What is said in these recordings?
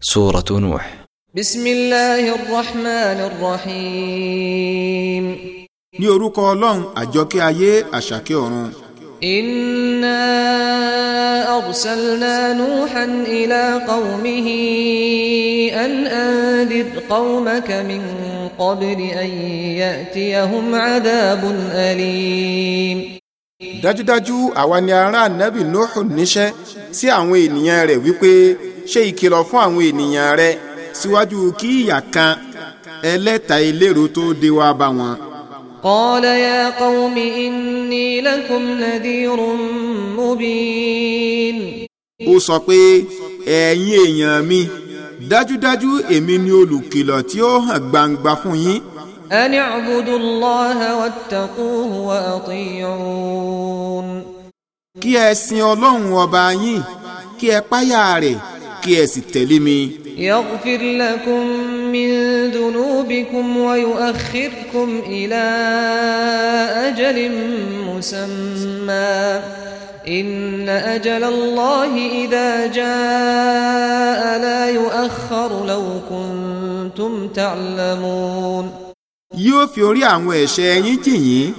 سورة نوح بسم الله الرحمن الرحيم ní orúkọ ọlọ́run àjọkẹ́ ayé àṣàkẹ́ ọ̀run. إنا أرسلنا نوحا إلى قومه أن أنذر قومك من قبل أن يأتيهم عذاب أليم. dájúdájú àwa ni ará nábì Nuhu níṣẹ́ sí àwọn ènìyàn rẹ̀ wípé ṣe ìkìlọ̀ fún àwọn ènìyàn rẹ síwájú kí ìyà kan ẹlẹ́ta eléro tó dé wá bá wọn. قال يا قوم إني لكم نذير مبين. ó sọ pé ẹ̀yin èèyàn mi dájúdájú èmi ni olùkìlọ̀ tí ó hàn gbangba fún yín. أن اعبدوا الله واتقوه وأطيعون. kí ẹ sin ọlọ́run ọba yín kí ẹ páyà rẹ̀ kí ẹ sì tẹ̀lé mi. يغفر لكم من ذنوبكم ويؤخركم إلى أجل مسمى إن أجل الله إذا جاء لا يؤخر لو كنتم تعلمون yóò fi orí àwọn ẹ̀ṣẹ̀ yín jì yín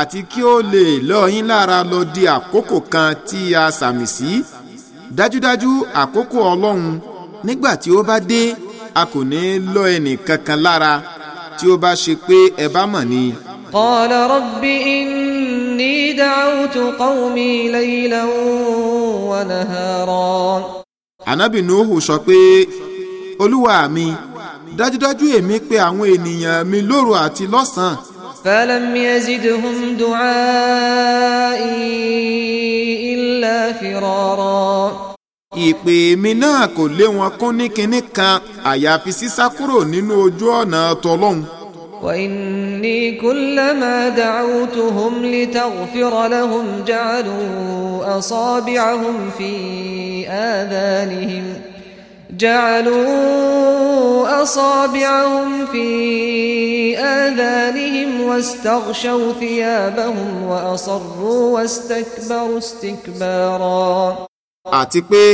àti kí ó lè lọ lára lọ di àkókò kan tí a sàmì sí dájúdájú àkókò ọlọ́run nígbà tí ó bá dé a kò ní lọ ẹnì kankan lára tí ó bá ṣe pé ẹ bá mọ̀ ni. qala rabbi inni da'awtu qawmi laylan wa naharan. ànábì nuhu sọ pé olúwa mi dájúdájú èmi pè àwọn ènìyàn mi lóru àti lọ́sàn-án فلم يزدهم دعائي إلا فرارا ìpè mi náà kò lé wọn kún ní kinní kan àyàfi sísá kúrò nínú ojú ọ̀nà tọlọ́hun. وإني كلما دعوتهم لتغفر لهم جعلوا أصابعهم في آذانهم جعلوا أصابعهم في آذانهم واستغشوا ثيابهم وأصروا واستكبروا استكبارا àti pé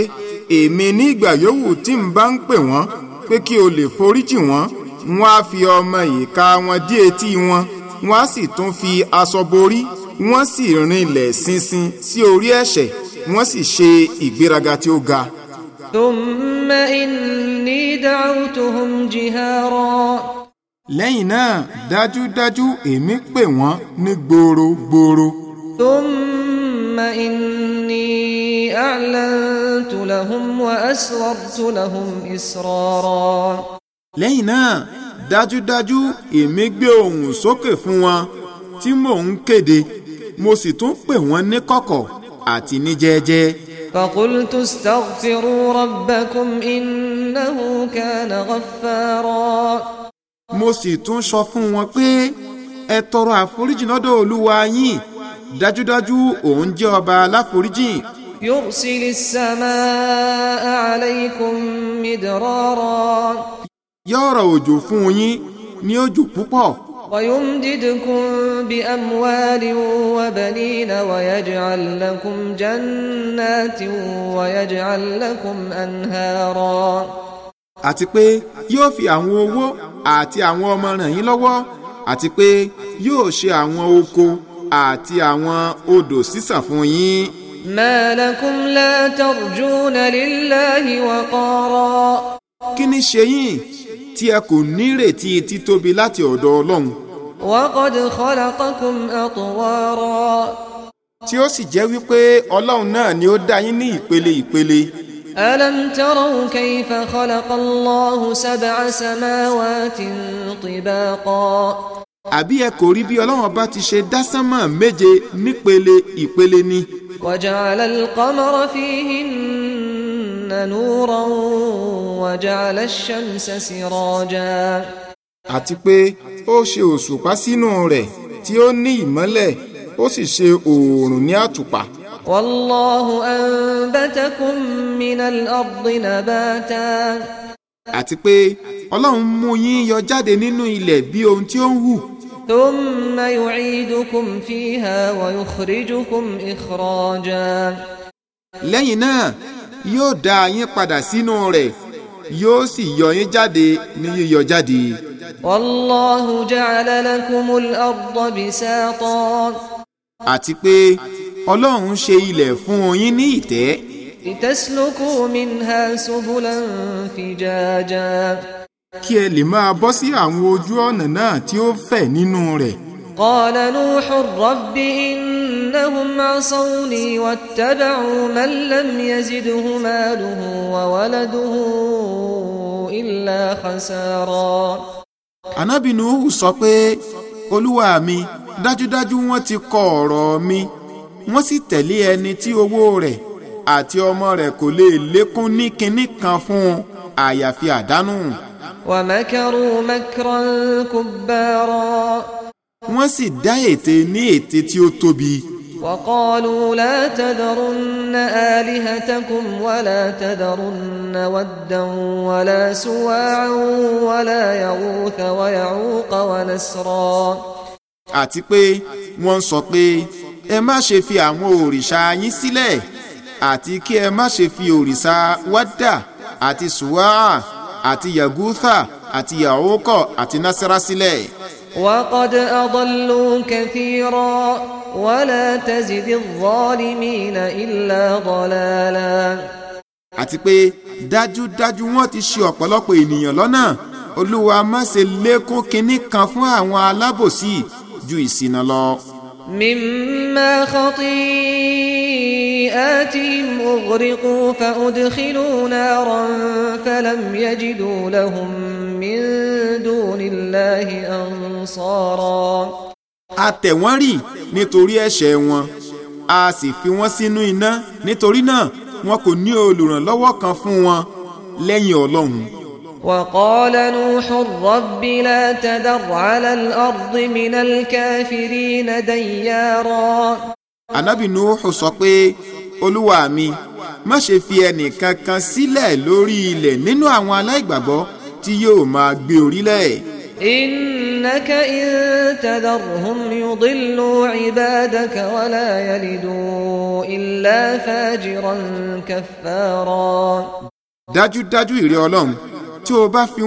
èmi ní ìgbà yòówù tí n bá ń pè wọ́n pé kí o lè foríjì wọ́n wọ́n á fi ọmọ ìka wọn dí etí wọn wọ́n á sì tún fi aṣọ borí wọ́n sì rinlẹ̀ ṣinṣin sí orí ẹ̀ṣẹ̀ wọ́n sì ṣe ìgbéraga tí ó ga. ثم إني دعوتهم جهارا lẹ́yìn náà dájúdájú èmi pè wọ́n ní gbòòrò-gbòòrò. thumma inni a'lantu lahum wa asrartu lahum israra. lẹ́yìn náà dájúdájú èmi gbé ohùn sókè fún wọn tí mò ń kéde mo sì tún pè wọ́n ní kọ̀kọ̀ àti ní jẹ́ẹ́jẹ́ẹ́. فقلت استغفروا ربكم إنه كان غفارا mo sì tún sọ fún wọn pé ẹ tọrọ àforíjì lọ́dọ̀ olúwa yín dájúdájú òun jẹ́ ọba aláforíjì. يرسل السماء عليكم مدرارا. yóò rọ̀ òjò fún yín ní òjò púpọ̀. ويمددكم بأموال وبنين ويجعل لكم جنات ويجعل لكم أنهارا àti pé yóò fi àwọn owó àti àwọn ọmọ ràn yín lọ́wọ́ àti pé yóò ṣe àwọn oko àti àwọn odò sísàn fún yín. ما لكم لا ترجون لله وقارا. kí ni ṣe yín tí ẹ kò nírètí títóbi láti ọ̀dọ̀ Ọlọ́run وقد خلقكم أطوارا tí ó sì jẹ́ wípé ọlọ́run náà ni ó dá yín ní ìpele ìpele. ألم تروا كيف خلق الله سبع سماوات طباقا àbí ẹ kò rí bí ọlọ́run ọba ti ṣe dá sánmọ̀ méje nípele ìpele ni. وجعل القمر فيهن نورا وجعل الشمس سراجا. àti pé ó ṣe òṣùpá sínú rẹ̀ tí ó ní ìmọ́lẹ̀ ó sì ṣe oòrùn ní àtùpà. Wallahu anbatakum minal ardi nabata. Àti pé Ọlọ́run mú yín yọ jáde nínú ilẹ̀ bí ohun tí ó ń hù. Thumma yu'idukum fiha wa yukhrijukum ikhraja. Lẹ́yìn náà, yóò dá yín padà sínú rẹ̀, yóò sì yọ yín jáde ní yíyọ jáde. Wallahu ja'ala lakumul arda bisata. àti pé ọlọ́run ṣe ilẹ̀ fún yín ní ìtẹ́. litasluku minha subulan fijaja. kí ẹ lè máa bọ́ sí àwọn ojú ọ̀nà náà tí ó fẹ̀ nínú rẹ̀. qala nuhun rabbi innahum asawni wattaba'u man lam yazidhu maluhu wa waladuhu illa anabi nuhu sọ pé olúwa mi dájúdájú wọ́n ti kọ ọ̀rọ̀ mi wọ́n sì tẹ̀lé ẹni tí owó rẹ̀ àti ọmọ rẹ̀ kò lè lékún ní kinní kan fún un àyàfi àdánù. wàmẹ́kẹ́rù mẹ́kẹ́rọ̀ kò bẹ́ẹ̀ rọ. sì dá ète ní ète tí ó tóbi. وقالوا لا تذرن آلهتكم ولا تذرن ودا ولا سواعا ولا يغوث ويعوق ونسرا àti pé wọ́n sọ pé ẹ má ṣe fi àwọn òrìṣà yín sílẹ̀ àti kí ẹ má ṣe fi òrìṣà wádà àti sùwáà àti yagúthà àti yahókọ̀ àti násárá sílẹ̀. وقد أضلوا كثيرا ولا تزد الظالمين إلا ضلالا àti pé dájúdájú wọ́n ti ṣe ọ̀pọ̀lọpọ̀ ènìyàn lọ́nà olúwa má ṣe lékún kinní kan fún àwọn alábòsí ju ìṣìnà lọ. مما خطيئاتهم أغرقوا فأدخلوا نارا فلم يجدوا لهم من دون الله أنصارا أبصارا a tẹ̀ wọ́n rì nítorí ẹ̀ṣẹ̀ wọn a sì fi wọ́n sínú iná nítorí náà wọn kò ní olùrànlọ́wọ́ kan fún wọn lẹ́yìn ọlọ́run. وقال نوح رب لا تذر على الأرض من الكافرين ديارا Ànábì Nuhu sọ pé olúwa mi má ṣe fi ẹnìkankan sílẹ̀ lórí ilẹ̀ nínú àwọn aláìgbàgbọ́ tí yóò máa gbé orílẹ̀. إنك إن تذرهم يضلوا عبادك ولا يلدوا إلا فاجرا كفارا dájúdájú ìrẹ Ọlọ́run tí o bá fi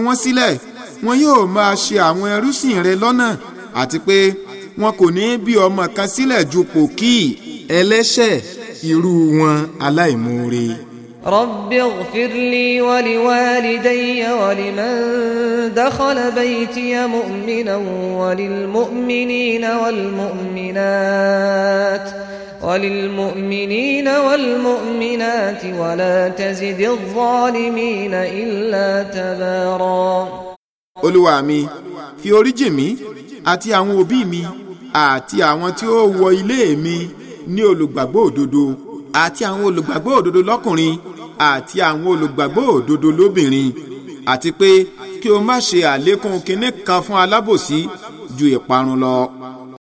wọn yóò máa ṣe àwọn ẹrúsìn rẹ lọ́nà àti pé wọn kò ní bí ọmọ kan sílẹ̀ ju pòkì ẹlẹ́ṣẹ̀ irú wọn aláìmoore. رب اغفر لي ولوالدي ولمن دخل بيتي مؤمنا وللمؤمنين والمؤمنات وللمؤمنين والمؤمنات ولا تزد الظالمين إلا تبارا Olúwa mi fi orí jì mí àti àwọn òbí mi àti àwọn tí ó wọ ilé mi ní olùgbàgbọ́ òdodo àti àwọn olùgbàgbọ́ òdodo lọ́kùnrin àti àwọn olùgbàgbọ́ òdodo lóbìnrin àti pé kí o má ṣe àlékún kinní kan fún alábòsí ju ìparun lọ.